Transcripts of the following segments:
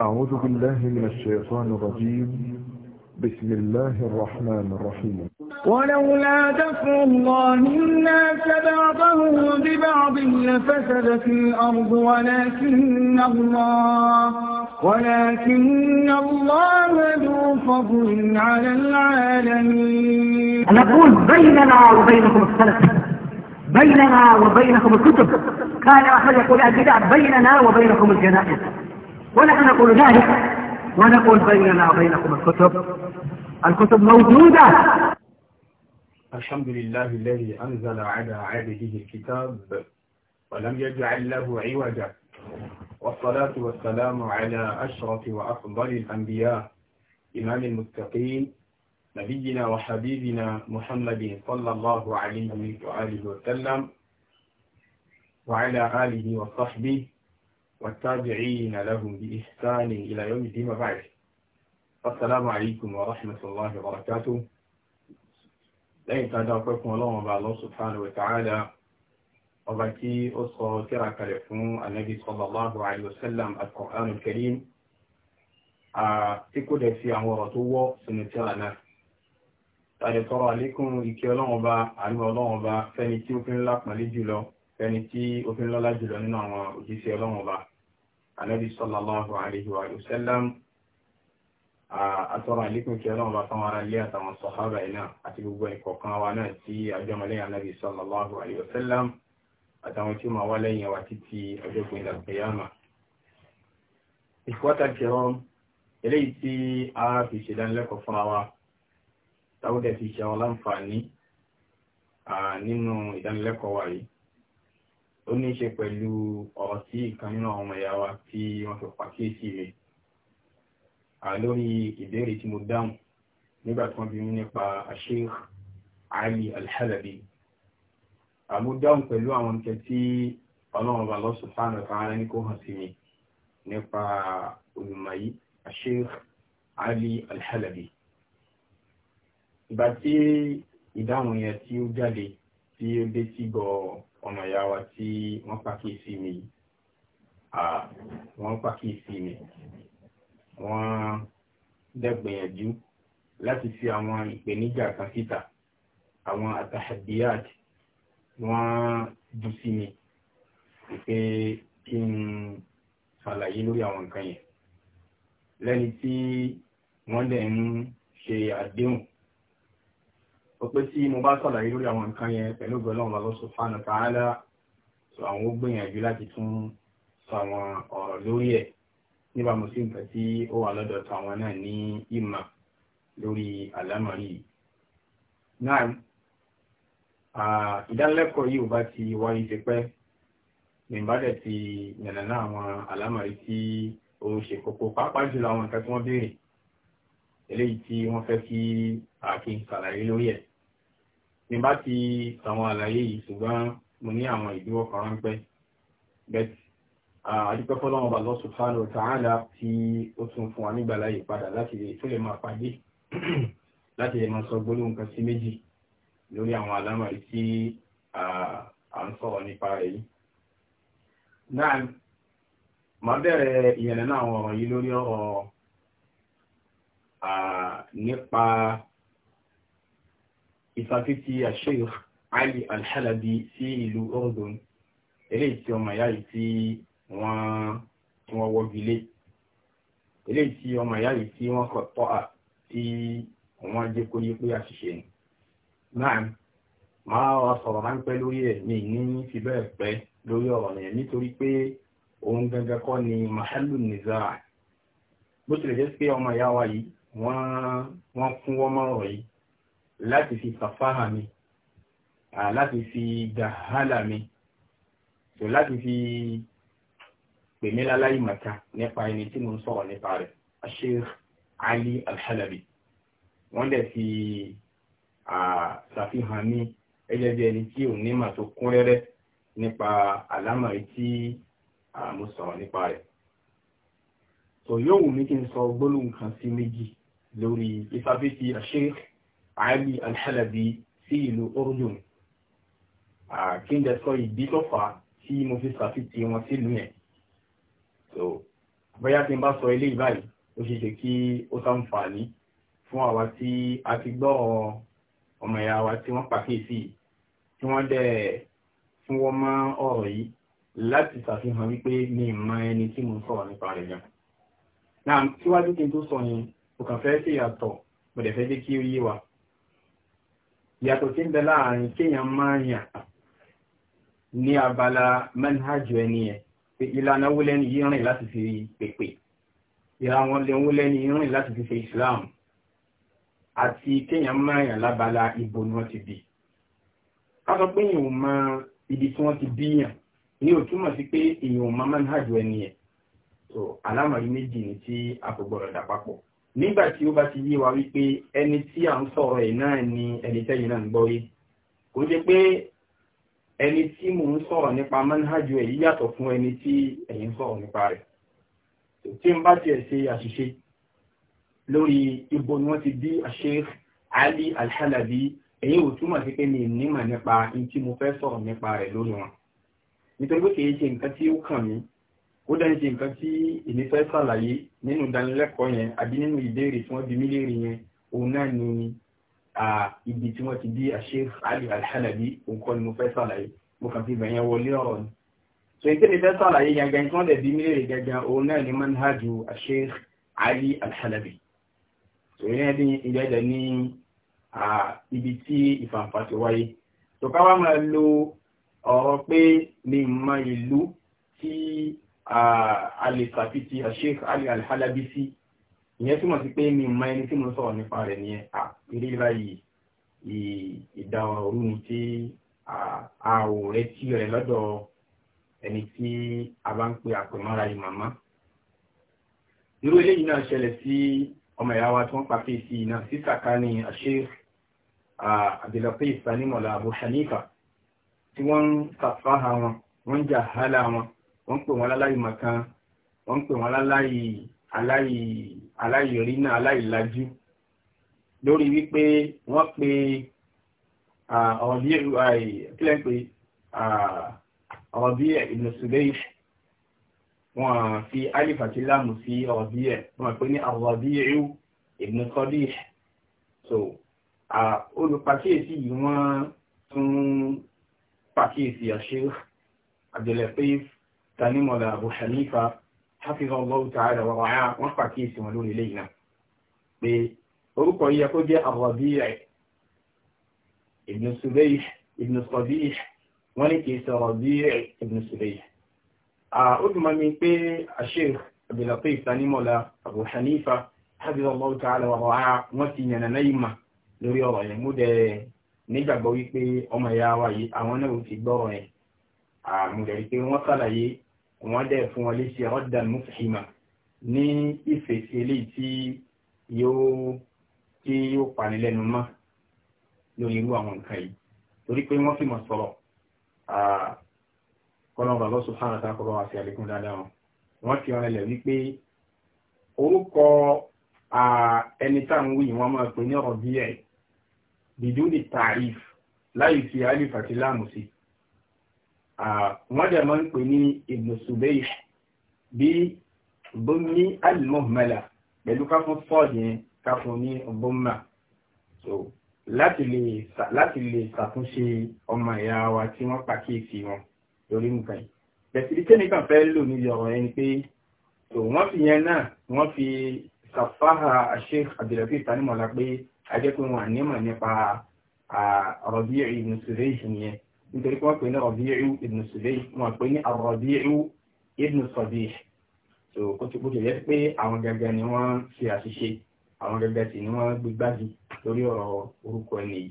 أعوذ بالله من الشيطان الرجيم بسم الله الرحمن الرحيم ولولا دفع الله الناس بعضهم ببعض لفسدت الأرض ولكن الله ولكن الله ذو فضل على العالمين نقول بيننا وبينكم السلف بيننا وبينكم الكتب كان أحمد يقول البدع بيننا وبينكم الجنائز ونحن نقول ذلك ونقول بيننا وبينكم الكتب الكتب موجودة الحمد لله الذي أنزل على عبده الكتاب ولم يجعل له عوجا والصلاة والسلام على أشرف وأفضل الأنبياء إمام المتقين نبينا وحبيبنا محمد صلى الله عليه وآله وسلم وعلى آله وصحبه والتابعين لهم بإحسان إلى يوم الدين بعد السلام عليكم ورحمة الله وبركاته lẹ́yìn tá a dá ọpẹ́ fún ọlọ́run ọba Allah subhanahu wa ta'ala ọba tí ó sọ tírà kalẹ̀ fún anabi sallallahu alayhi wa sallam al-Qur'an al-Karim tí kò dẹ̀ fi àwọn ọ̀rọ̀ tó wọ́ sínú tírà náà tàbí tọrọ àlékún ìkẹ́ ọlọ́run ọba àánú ọlọ́run ọba fẹ́ni tí ó fi ń lápọ̀nlé jùlọ fẹ́ni tí ó fi ń lọ́lá jùlọ nínú àwọn òjíṣẹ́ ọlọ́run ọba anabi sallallahu alayhi wa sallam àtọ́rọ̀ àlékún kí ọlọ́run bá fáwọn ará ilé àtàwọn sọ̀hábà iná àti gbogbo ìkọ̀ọ̀kan wa náà tí àjọmọ̀lẹ́ anabi sallallahu alayhi wa sallam àtàwọn tí ó máa wá lẹ́yìn wa títí ọjọ́gbìn ìdàgbéyàmà. ìfọ́tà kẹrọ eléyìí tí a fi ṣèdánilẹ́kọ̀ọ́ fúnra wa táwọn dẹ̀ fi ṣe àwọn láǹfààní nínú ìdánilẹ́kọ̀ọ́ wa yìí ó ní í ṣe pẹ̀lú ọ̀rọ̀ tí ìkan nínú àwọn ẹ̀yà wa tí wọ́n fi pàkíyèsí rẹ̀ lórí ìbéèrè tí mo dáhùn nígbà tí wọ́n bi mí nípa Sheikh Ali Al-Halabi àmú dáhùn pẹ̀lú àwọn nǹkan tí ọlọ́run ọba Allah subhanahu wa ní kó hàn sí mi nípa olùmọ̀ yìí Sheikh Ali ìgbà tí ìdáhùn yẹn tí ó jáde tí ó dé sí gbọ̀ọ́ ọmọ ìyá wa tí wọ́n pàkíyèsí mi wọ́n pàkíyèsí mi wọ́n dẹ́gbìyànjú láti fi àwọn ìpèníjà kan síta àwọn àtàhàdíyàt wọ́n dù sí mi pé kí n ṣàlàyé lórí àwọn nǹkan yẹn lẹ́ni tí wọ́n dẹ̀ ń ṣe àdéhùn ó pé tí mo bá sọ̀làyé lórí àwọn nǹkan yẹn pẹ̀lú gbọ́lọ́run lọ́wọ́ subhanahu wa ta'ala sọ àwọn ó gbìyànjú láti tún sọ àwọn ọ̀rọ̀ lórí ẹ̀ níbàámu sí nǹkan tí ó wà lọ́dọ̀ tàwọn náà ní ìmọ̀ lórí àlámọ̀rí yìí. náà ìdánilẹ́kọ̀ọ́ yìí ò bá ti wáyé ti pẹ́ nìbàdẹ̀ ti yànnàná àwọn àlámọ̀rí tí ó ṣe kókó pàápàá jùlọ àwọn nǹkan tí wọ́n béèrè eléyìí tí wọ́n fẹ́ kí àkí ṣàlàyé lórí ẹ̀ ní bá ti àwọn àlàyé yìí ṣùgbọ́n mo ní àwọn ìdíwọ́ kan ránpẹ́ bẹ́ẹ̀ àdúpẹ́ fọ́lọ́wọ́n bá lọ́sùn fáàlù tààlà tí ó tún fún wa nígbà láyè padà láti lè tó lè máa pàdé láti lè máa sọ gbólóhùn kan sí méjì lórí àwọn àlámọ̀rí tí à ń sọ̀rọ̀ nípa rẹ̀ yìí. náà màá bẹ̀rẹ̀ ìyẹn náà àwọn ọ̀rọ̀ yìí lórí ọ̀rọ̀ nípa ìfàfitì Sheikh Ali Al-Halabi sí ìlú Urdun eléyìí tí ọmọ ìyá yìí tí wọ́n tí wọ́n wọ́gi lé eléyìí tí ọmọ ìyá yìí tí wọ́n kọ̀ tọ́ à tí wọ́n jẹ́ kó yé pé àṣìṣe ni. náà máa wá sọ̀rọ̀ ráńpẹ́ lórí ẹ̀ mi ní fi bẹ́ẹ̀ pẹ́ lórí ọ̀rọ̀ yẹn nítorí pé òun gangan kọ́ ni mahalu niza bó tilẹ̀ jẹ́ pé ọmọ ìyá wa yìí wọ́n fún wọ́n mọ́rọ̀ yìí láti fi fàfáhà mi láti fi dàhálà mi tó láti fi pèmí láláì màkà nípa ẹni tí mo ń sọ̀rọ̀ nípa rẹ̀ Sheikh Ali Al-Halabi wọ́n dẹ̀ fi ṣàfihàn mi gẹ́gẹ́ bí ẹni tí ò ní mà tó kún rẹ́rẹ́ nípa àlámọ̀rí tí mo sọ̀rọ̀ nípa rẹ̀ tó yóò wù mí kí n sọ gbólóhùn kan sí méjì lórí ìfàfẹ́sí Sheikh ali alhalabi sí ìlú urdun kí n dẹ̀ sọ ìdí tó fà tí mo fi ṣàfihàn wọn sílùú yẹn so bóyá tí n bá sọ eléyìí báyìí ó ṣe ṣe kí ó ṣàǹfààní fún àwa tí a ti gbọ́ ọmọ ìyá wa tí wọ́n pàkíyèsí tí wọ́n dẹ̀ fún wọn mọ́ ọ̀rọ̀ yìí láti ṣàfihàn wípé mi mọ ẹni tí mo sọ̀rọ̀ nípa rẹ̀ gan. náà síwájú kí n tó sọ yẹn kò kàn fẹ́ mo dẹ̀ fẹ́ jẹ́ kí ó yé wa yàtọ̀ tí ń bẹ láàrin kéèyàn máa yàn ní abala manhajù ẹni ẹ̀ pé ìlànà wúlẹ́ni yìí rìn láti fi pèpè ìlànà wúlẹ́ni yìí rìn láti fi ṣe Islam àti kéèyàn máa yàn lábala ìbò ni wọ́n ti bí ká sọ pé èèyàn ò mọ ibi tí wọ́n ti bí yàn ní ò túmọ̀ sí pé èèyàn ò mọ manhajù ẹni ẹ̀ so alámọ̀rí méjì ni tí a kò gbọ́dọ̀ dà papọ̀ nígbà tí ó bá ti yé wa wípé ẹni tí à ń sọ̀rọ̀ ẹ̀ náà ni ẹni tẹ́yìn náà ń gbọ́ yé kò jẹ́ pé ẹni tí mò ń sọ̀rọ̀ nípa manhajú ẹ̀ yíyàtọ̀ fún ẹni tí ẹ̀yin sọ̀rọ̀ nípa rẹ̀ tí n bá tiẹ̀ ṣe àṣìṣe lórí ibo ni wọ́n ti bí Sheikh Ali Al-Halabi èyí ò túmọ̀ sí pé mi nímọ̀ nípa ní tí mo fẹ́ sọ̀rọ̀ nípa rẹ̀ lórí wọn nítorí pé kì í ṣe nǹkan tí ó kàn mí ó dẹ́n ṣe nǹkan tí èmi fẹ́ ṣàlàyé nínú ìdánilẹ́kọ̀ọ́ yẹn àbí nínú ìbéèrè tí wọ́n bi mí léèrè yẹn òun náà ni ibi tí wọ́n ti bí Sheikh Ali Al-Halabi ni mo fẹ́ ṣàlàyé mo kàn fi bẹ̀yẹn wọlé ọ̀rọ̀ ni so ìtẹ́ni fẹ́ sàlàyé gangan tí wọ́n dẹ̀ bí mílẹ̀ gangan òun náà ni manhajú Sheikh Ali Al-Halabi so ìyẹn ní ìjẹ́jẹ́ ní ibi tí ìfàǹfà ti wáyé so káwá máa lo tí Ah, alìsàfi ti sheikh ali alhalabisi ìyẹn túmọ̀ sí pé mi mọ ẹni tí mo sọ̀rọ̀ nípa rẹ̀ nìyẹn à eré báyìí ìdáwọn òru ni tí a ò retí rẹ̀ lọ́dọ̀ ẹni tí a bá ń pe àpèmọ́ra yìí màmá irú eléyìí náà ṣẹlẹ̀ sí ọmọ ìyá wa tí wọ́n pàṣẹ sí iná sísà kání sheikh abdulhafiz sanimola abu hanifa tí wọ́n ń sàfáhà wọn wọ́n ń jà hálà wọn wọ́n ń pè wọ́n láláì màkan wọ́n ń pè wọ́n láláì aláì aláìrínà aláìlájú lórí wípé wọ́n pe ọ̀rọ̀bí kílẹ̀ pé ọ̀rọ̀bí ìnùsùlẹ̀ wọ́n fi alif àti láàmù sí ọ̀rọ̀bí ẹ̀ wọ́n pè ní ọ̀rọ̀bí ìrú ìbùnúsọ́dí so olùpàkíyèsí yìí wọ́n tún pàkíyèsí àṣírí àjẹlẹ̀ pé tanimọ̀lá Abu Hanifa hafizallahu ta'ala wa ra'a wọ́n pàkíyèsí wọn lórí eléyìí náà pé orúkọ yẹ kó jẹ́ Ar-Rabi' ibn Subayh ibn Sabih wọ́n ní kìí sọ Rabi' ibn Subayh ó dùn mọ́ mi pé Sheikh Abdul Latif tanimọ̀lá Abu Hanifa hafizallahu ta'ala wa ra'a wọ́n ti yànnà náà yìí mà lórí ọ̀rọ̀ yẹn mú dẹ̀ nígbàgbọ́ wípé ọmọ ìyá wa yìí àwọn náà ò ti gbọ́rọ̀ yẹn àmúlẹ̀ wípé wọ́n sàlàyé wọ́n dẹ̀ fún wọn léṣe ọ̀dà mufhima ní ìfèsì eléyìí tí yóò tí yóò panilẹ́nu mọ́ lórí irú àwọn nǹkan yìí torí pé wọ́n fìmọ̀ sọ̀rọ̀ kọ́lọ́mù bàbá subhanahu wa ta'ala kọ́ àlékún dáadáa wọn wọ́n fi ọ̀rẹ́ lẹ̀ wípé orúkọ ẹni tá à ń wí wọ́n máa pè ní ọ̀rọ̀ bíi ẹ̀ bìdúnì tààríf láì fi alif àti wọ́n dẹ̀ máa ń pè ní Ibn Subayh bí bomi al-muhmala pẹ̀lú ká fún fọ́ọ̀dì yẹn ká fún ní boma so láti lè ṣàtúnṣe ọmọ ìyá wa tí wọ́n pàkíyèsí wọn lórí nǹkan yìí bẹ̀sìlì tẹ́nìkan fẹ́ lò ní ọ̀rọ̀ yẹn ni pé so wọ́n fi yẹn náà wọ́n fi sàfáhà Sheikh Abdulaziz tanimọ̀lá pé ajẹ́pẹ́ wọn ànímọ̀ nípa Rabi' ibn Subayh yẹn nítorí pé wọ́n pè ní Rabi'u ibn Sulayh wọ́n pè ní Ar-Rabi'u ibn Sabih so kó ti kó ti yẹ pé àwọn gẹ́gẹ́ ni wọ́n ṣe àṣìṣe àwọn gẹ́gẹ́ sì ni wọ́n gbégbági lórí ọ̀rọ̀ orúkọ ẹni yìí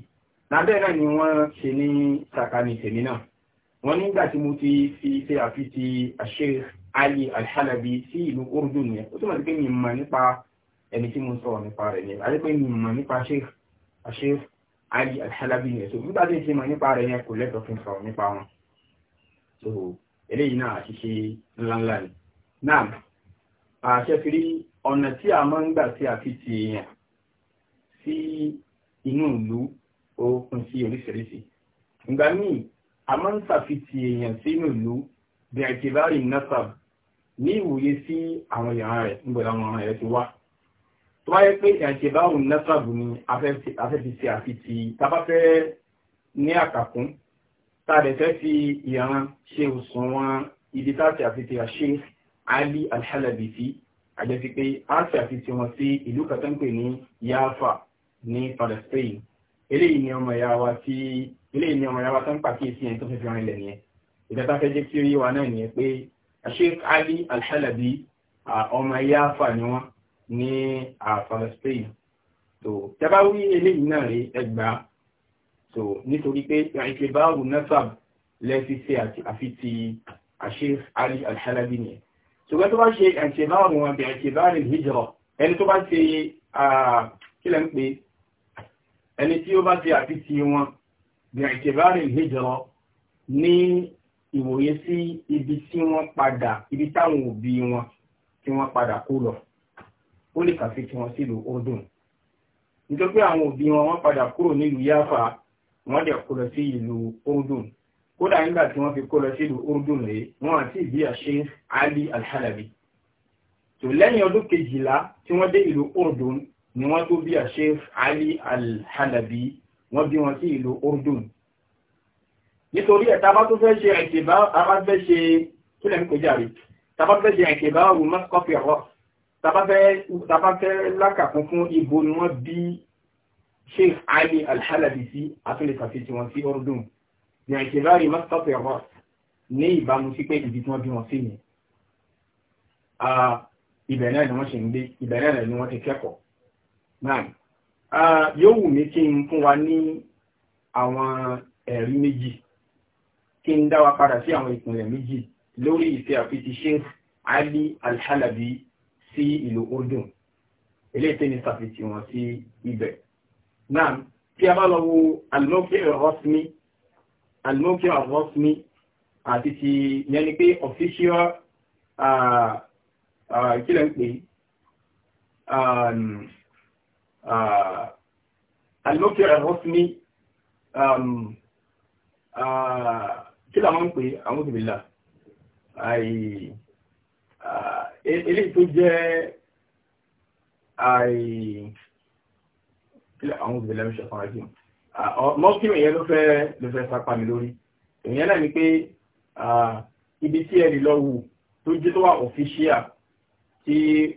lábẹ́ náà ni wọ́n ṣe ní sàkání tèmi náà wọ́n nígbà tí mo ti fi ṣe àfitì Sheikh Ali al sí ìlú Urdun nìyẹn ó túmọ̀ sí pé mi mọ̀ nípa ẹni tí mo sọ̀rọ̀ nípa rẹ̀ nìyẹn àti pé mi mọ̀ nípa Sheikh Sheikh ali alhalabi yẹn so nígbà tí n ṣe mọ̀ nípa rẹ̀ yẹn kò lẹ́tọ̀ọ́ kí n sọ̀rọ̀ nípa wọn so eléyìí náà àṣìṣe ńláńlá ni náà àṣẹ fi rí ọ̀nà tí a máa ń gbà tí a fi ti èèyàn sí inú ìlú ó sí oríṣiríṣi ìgbà míì a máa ń ṣàfihàn èèyàn sí inú ìlú bí àtìbárì nasab ní ìwòye sí àwọn èèyàn rẹ̀ níbo làwọn ọ̀ràn rẹ̀ ti wá tó bá yẹ pé ìṣẹ̀báhùn nẹ́sàbù ni afẹ́fi ṣe àfitì tábáfẹ́ ní àkàkún tàbí fẹ́ fi ìran ṣe òṣùwọ̀n ibi táti àfitì àṣẹ Ali alhalabi halabi sí àjẹsí pé a ṣe àfitì wọn sí ìlú kàtàǹpẹ̀ ní Yafa ní Palestine eléyìí ni ọmọ ìyá wa tí eléyìí ni ọmọ ìyá wa tó ń pàkíyèsí ẹni tó fẹ́ fi ran ilẹ̀ nìyẹn ìgbàtà fẹ́ jẹ́ kí ó yé wa náà nìyẹn pé Sheikh Ali alhalabi halabi ọmọ Yafa ni wọ́n ní àfàlẹ́ spain tó tẹ́bá wí eléyìí náà rí ẹgbà tó nítorí pé ìkebáàrù nasab lẹ́sí sí àfi ti Sheikh Ali Al-Halabi nìyẹn ṣùgbọ́n tó bá ṣe ìkebáàrù wọn bí ìkebáàrù hijra ẹni tó bá ṣe kílẹ̀ ń pè ẹni tí ó bá ṣe àfi wọn bí ìkebáàrù hijra ní ìwòye sí ibi tí wọ́n padà ibi táwọn òbí wọn tí wọ́n padà kú lọ ó lè kàfi tí wọn sílùú Urdun nítorí pé àwọn òbí wọn wọ́n padà kúrò nílùú Yafa wọ́n dẹ̀ kó lọ sí ìlú Urdun kódà nígbà tí wọ́n fi kó lọ sílùú Urdun rèé wọ́n àti ìbí àṣẹ Ali Al-Halabi tó lẹ́yìn ọdún kejìlá tí wọ́n dé ìlú Urdun ni wọ́n tó bí àṣẹ Ali Al-Halabi wọ́n bí wọn sí ìlú Urdun nítorí ẹ̀ bá tó fẹ́ ṣe àìkèbá a bá fẹ́ ṣe kílẹ̀ ń pè járe tá fẹ́ ṣe àìkèbá òun mọ́kọ́fì ọ̀rọ̀ tàbáfẹ́ lákàkún fún ibo ni wọ́n bí sheikh ali alhalabi sí àtúnlẹ̀ sàfihàn wọn sí ọdún ní àìṣèlárí mọ́sítọ́pù ẹ̀rọ ní ìbámu sí pé ibi tí wọ́n bí wọn sí ni ibẹ̀ náà ni wọ́n ṣe ń gbé ibẹ̀ ni wọ́n ti kẹ́kọ̀ọ́ náà yóò wù mí kí n fún wa ní àwọn ẹ̀rí méjì kí n dá wa padà sí àwọn ìpìnlẹ̀ méjì lórí ìfẹ́ àfitì sheikh ali alhalabi sí ìlú Urdun eléyìí tẹ́ ní sàfihàn wọn sí ibẹ̀ náà tí a bá lọ wo al-mawqi' rasmi al rasmi àti ti yẹn ni pé official kílẹ̀ ń pè al-mawqi' rasmi kílẹ̀ àwọn ń pè àwọn òbí là ilé e, tó jẹ́ àì kílẹ̀ àwọn òbí lẹ́mí ṣẹ̀fọ́n rájì mọ́kìmù yẹn ló fẹ́ ló fẹ́ sápá mi lórí èèyàn náà ni pé ibi tí ẹ̀rì lọ wù tó jẹ́ tó wà ọ̀fíṣíà tí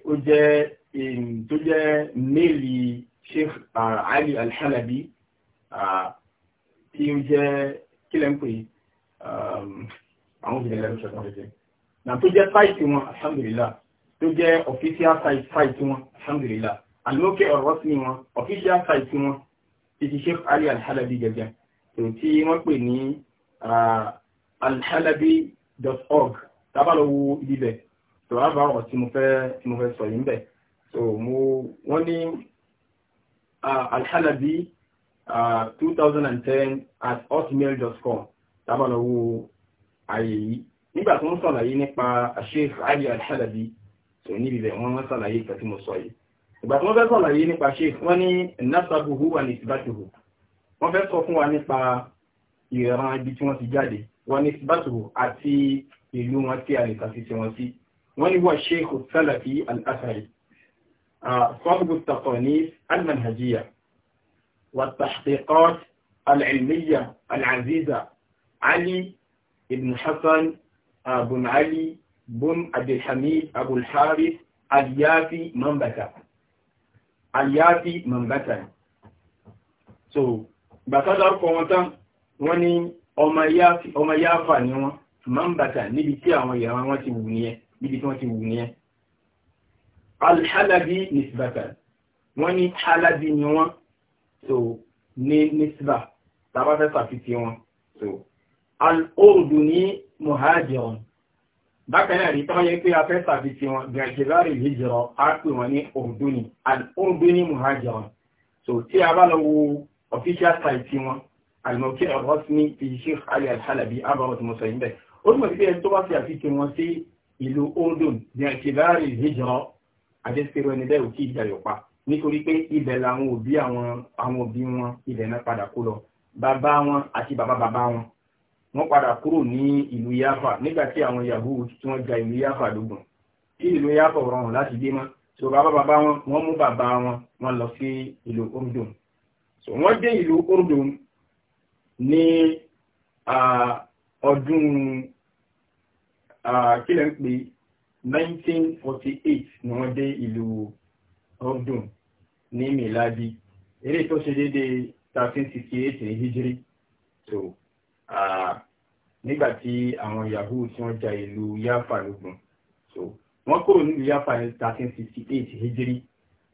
ó jẹ́ tó jẹ́ méèlì Sheikh Ali Al-Halabi tí ó jẹ́ kílẹ̀ ń pè àwọn òbí lẹ́mí ṣẹ̀fọ́n rájì náà tó jẹ́ táìtì wọn alhamdulillah tó jẹ́ official site site wọn alhamdulillah alimoke ọ̀rọ̀ sí wọn official site wọn títí sheikh ali alhalabi gẹ́gẹ́ tó tí wọ́n pè ní alhalabi.org tábàlọ́wọ́ ibi bẹ̀ tó wá bá ọ̀rọ̀ tí mo fẹ́ sọ yìí bẹ̀ so mo wọ́n ní alhalabi uh, 2010 at hotmail.com tábàlọ́wọ́ ayé yìí nígbà tó ń sọ̀rọ̀ yìí nípa sheikh ali alhalabi tó níbi bẹ̀ wọ́n wọ́n sàlàyé ìkà tí mo sọ yìí ìgbà tí wọ́n fẹ́ sàlàyé nípa ṣe wọ́n ní nasabuhu wà ní ìsìbátòhù wọ́n fẹ́ sọ fún wa nípa ìran ibi tí wọ́n ti jáde wà ní ni sibatuhu won fe àti ìlú jade won ni sibatuhu tí a lè kàfíṣe wọn sí wọ́n ní wọ́n sheikh salafi al-asari صاحب التقانيس المنهجية والتحقيقات العلمية العزيزة alì بن hasan بن علي bun abdulhamid abulharis aliyafi mambata aliyafi mambata so gbàtàdà ọkọ̀ wọn tán wọ́n ní ọmọ yáfà ni wọ́n mambata níbi tí àwọn ìyàwó wọn ti wù ní ẹ níbi tí wọ́n ti wù ní ẹ alhalabi nisbata wọ́n ní halabi ni wọ́n so ní nisba tàbátẹ́ sàfitì wọn so al-ordu ní bákanáà rí tọ́ yẹ pé a fẹ́ tàbí tí wọn gàjẹ́bárì hijra a pè wọn ní orduni al-orduni so tí a bá lọ wo official site tí wọn alimọ̀kí rasmi ti sheikh ali alhalabi abarot musa yìí bẹ́ẹ̀ ó túnmọ̀ sí pé ẹni tó bá fi àfi tí wọn sí ìlú ordun gàjẹ́bárì hijra àjẹsẹ̀rọ̀ ẹni bẹ́ẹ̀ ò tí ì jayọ̀ pa nítorí pé ibẹ̀ làwọn òbí àwọn òbí wọn ibẹ̀ náà padà kó lọ bàbá wọn àti bàbá bàbá wọn wọ́n padà kúrò ní ìlú Yafa nígbà tí àwọn Yahoo tí wọ́n ja ìlú Yafa lógun tí ìlú Yafa rọrùn láti dé mọ́ so bàbá bàbá wọn wọ́n mú bàbá wọn wọ́n lọ sí ìlú Urdun so wọ́n dé ìlú Urdun ní ọdún kílẹ̀ ń pè 1948 ni wọ́n dé ìlú Urdun ní miladi eré tó ṣe déédéé 1368 ní hijiri so nígbà tí àwọn yahoo tí wọ́n ja ìlú yafa lógun so wọ́n kúrò nílùú yafa ní 1368 hijiri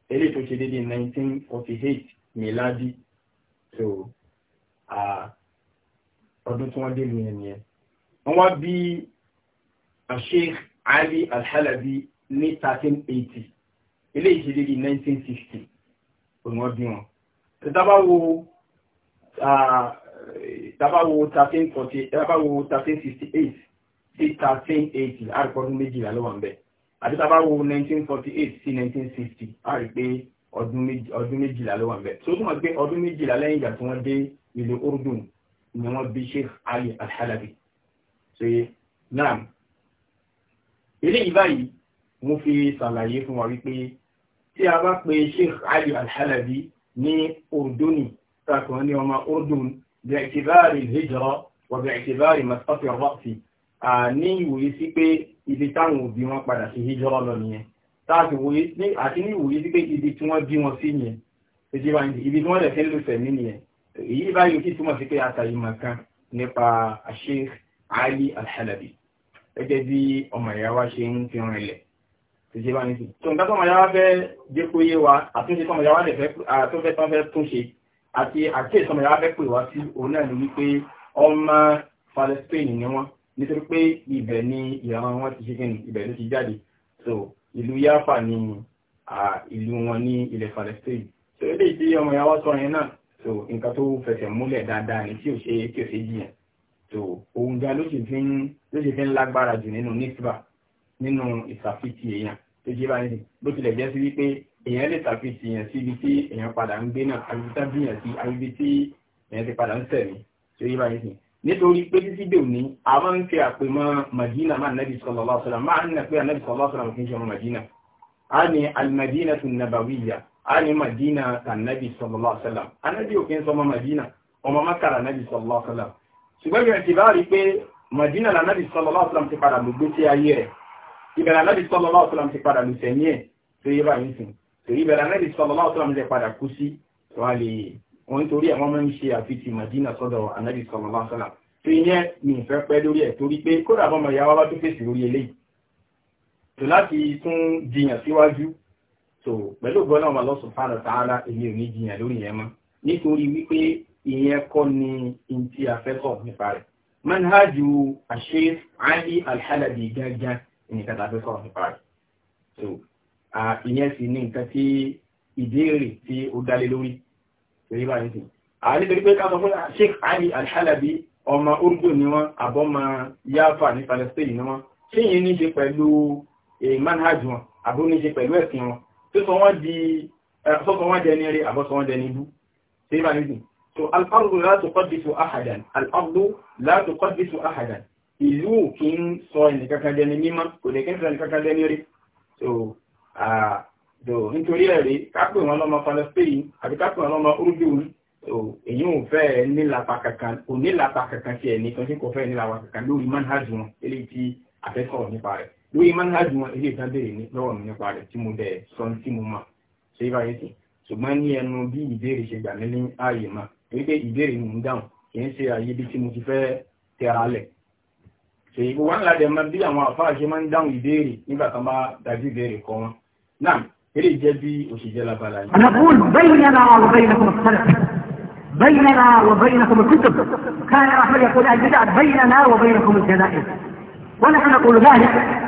eléyìí tó ṣe déédéé 1948 miladi so ọdún tí wọ́n dé lu yẹn nìyẹn wọ́n wá bí Sheikh Ali Al-Halabi ní 1380 eléyìí ṣe déédéé 1960 òun wọ́n bí wọn tẹ́tàbá wo tabawo thirteen forty tabawo thirteen sixty eight sí thirteen eighty àríkọ́dún méjìlá ló wà ń bẹ̀ àti tabawo nineteen forty eight sí nineteen sixty àrí pé ọdún méjìlá ló wà ń bẹ̀ tó túmọ̀ pé ọdún méjìlá lẹ́yìn ìgbà tí wọ́n dé ìlú Urdun ni wọ́n bí Sheikh Ali Al-Halabi ṣe náà eléyìí báyìí mo fi ṣàlàyé fún wa wípé tí a bá pe Sheikh Ali Al-Halabi ní Urduni tàkùn ní ọmọ Urdun باعتبار الهجرة وباعتبار مسقط الرأس ní ìwòye sí pé ibi táwọn òbí wọn padà sí hijrọ́ lọ nìyẹn táàtì wòye àti ní ìwòye sí pé ibi tí wọ́n bí wọn sí yẹn èdè wa ibi tí wọ́n lẹ̀ fi ń lò fẹ̀mí nìyẹn èyí báyìí kí túmọ̀ sí pé àtàyè màkan nípa Sheikh Ali Al-Halabi gẹ́gẹ́ bí ọmọ ìyá wa ṣe ń fi rìn lẹ̀ èdè wa nìyẹn tó nǹkan tọmọ ìyá wa fẹ́ jẹ́ kó yé wa àtúnṣe tọmọ ìyá wa lè fẹ́ tó fẹ́ tán fẹ́ túnṣe àti àkíyèsọ́mọ̀ yàrá fẹ́ pè wá sí òun náà ni wípé ọmọ Palestine ni wọ́n nítorí pé ibẹ̀ ni ìran wọn ti ṣe kí ibẹ̀ ló ti jáde so ìlú Yafa ni ìlú wọn ní ilẹ̀ Palestine so eléyìí tí ọmọ yàrá sọ yẹn náà so nǹkan tó fẹsẹ̀ múlẹ̀ dáadáa ni tí ò ṣe tí ò ṣe jiyàn so òun gan ló sì fi ń ló sì fi ń lágbára jù nínú nísìbà nínú ìsàfitì èèyàn tó jẹ́ báyìí bó tilẹ̀ jẹ́ sí wípé èèyàn lè tàbí tìyàn sí ibi tí èèyàn padà ń gbé náà àbí tábìyàn sí àbí tí èèyàn ti padà ń tẹ̀lé tí ó yí báyìí sìn nítorí pé títí dè ní a máa ń fi àpè mọ́ Madina máa nàbì sallallahu alaihi wasallam máa ń nà pé ànàbì sallallahu alaihi wasallam kì í ṣe ọmọ Madina a ní alimadina tún nabawiyya a ní Madina tànàbì sallallahu alaihi wasallam ànàbì òkè ń sọmọ Madina ọmọ makara nàbì sallallahu alaihi wasallam ṣùgbọ́n bí wọ́n ti bá rí pé Madina lànàbì torí bẹ̀rẹ̀ anẹ́bí sallallahu alaihi wasallam lè padà kú sí wà lè wọ́n torí àwọn máa ń ṣe àfihàn Madina sọ́dọ̀ anẹ́bí sallallahu alaihi wasallam tó yẹ ní ìfẹ́ pẹ́ lórí ẹ̀ torí pé kódà bọ́ mọ̀ ìyáwá bá tó fèsì lórí eléyìí tó láti tún jiyàn síwájú tó pẹ̀lú gbọ́nà wà lọ́sùn fáàlọ̀ tààlà èmi ò ní jiyàn lórí yẹn mọ́ nítorí wípé ìyẹn kọ́ ni in tí a nípa rẹ̀ manhajú àṣe Ali Al-Halabi gángan ìnìkan tàbí sọ nípa rẹ̀ ìyẹn sì ní nǹkan tí ìbéèrè tí ó dálé lórí torí bá ní sí ààrẹ torí pé káàmọ́ fún Sheikh Ali Al-Halabi ọmọ Urdu ni wọ́n àbọ́mọ Yafa ní Palestine ni wọ́n ṣé yìí ní ṣe pẹ̀lú eh, manhaj wọn àbó ní ṣe pẹ̀lú ẹ̀sìn wọn tó sọ wọ́n di eh, sọ́kọ̀ wọ́n jẹ́ ní eré àbọ́sọ wọ́n jẹ́ ní ibú torí bá ní sí so al-ardu la ahadan al-ardu la tuqaddisu ahadan ìlú kì í sọ ẹnìkankan jẹ́ ní mímọ́ kò lè kẹ́sàn ẹnìkankan jẹ́ ní eré so Ah, nítorí ẹ̀rí kápẹ́ wọn lọ́mọ Palestine àbí kápẹ́ wọn lọ́mọ Urdu èyí ò fẹ́ nílapa kankan kò nílapa kankan sí ẹni kan tí kò fẹ́ nílapa kankan lórí manhaj wọn eléyìí tí a fẹ́ sọ̀rọ̀ nípa rẹ̀ lórí manhaj wọn eléyìí tán béèrè lọ́wọ́ mi nípa rẹ̀ tí mo bẹ̀ sọ tí mo mọ̀ ṣé ibà yìí sì ṣùgbọ́n ní ẹnu bí ìbéèrè ṣe gbà mí ní ààyè mà torí pé ìbéèrè mi ń dáhùn kì í ṣe àyè bí tí mo ti fẹ́ tẹra lẹ̀ ṣèyí gbogbo wọn ládẹ máa bí àwọn àfáà ṣe máa ń dáhùn ìbéèrè nígbà tán bá dájú ìbéèrè kọ wọn نعم نقول بيننا وبينكم السلف بيننا وبينكم الكتب كان رحمه يقول أجداد بيننا وبينكم الجنائز ونحن نقول ذلك